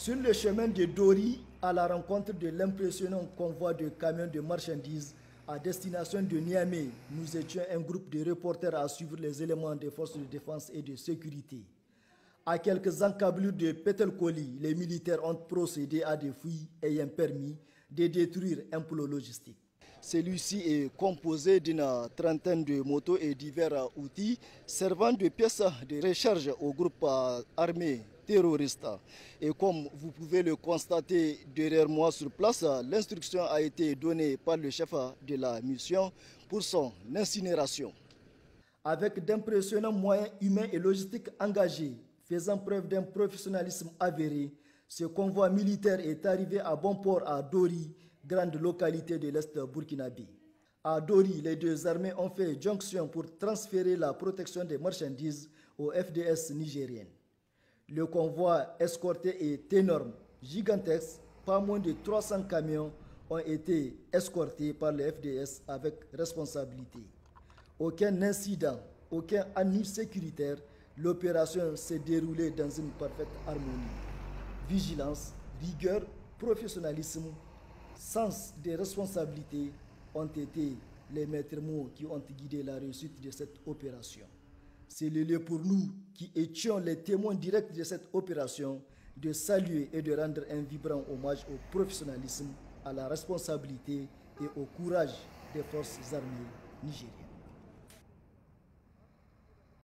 sur le chemin de Dori à la rencontre de l'impressionnant convoi de camions de marchandises à destination de Niamey, nous étions un groupe de reporters à suivre les éléments des forces de défense et de sécurité. À quelques encablures de Petelkoli, les militaires ont procédé à des fouilles ayant permis de détruire un pôle logistique. Celui-ci est composé d'une trentaine de motos et divers outils servant de pièces de recharge au groupe armé terroristes. Et comme vous pouvez le constater derrière moi sur place, l'instruction a été donnée par le chef de la mission pour son incinération. Avec d'impressionnants moyens humains et logistiques engagés, faisant preuve d'un professionnalisme avéré, ce convoi militaire est arrivé à bon port à Dori, grande localité de l'Est burkinabé. À Dori, les deux armées ont fait jonction pour transférer la protection des marchandises au FDS nigérien. Le convoi escorté est énorme, gigantesque. Pas moins de 300 camions ont été escortés par le FDS avec responsabilité. Aucun incident, aucun anneau sécuritaire, l'opération s'est déroulée dans une parfaite harmonie. Vigilance, rigueur, professionnalisme, sens des responsabilités ont été les maîtres mots qui ont guidé la réussite de cette opération c'est le lieu pour nous qui étions les témoins directs de cette opération de saluer et de rendre un vibrant hommage au professionnalisme, à la responsabilité et au courage des forces armées nigériennes.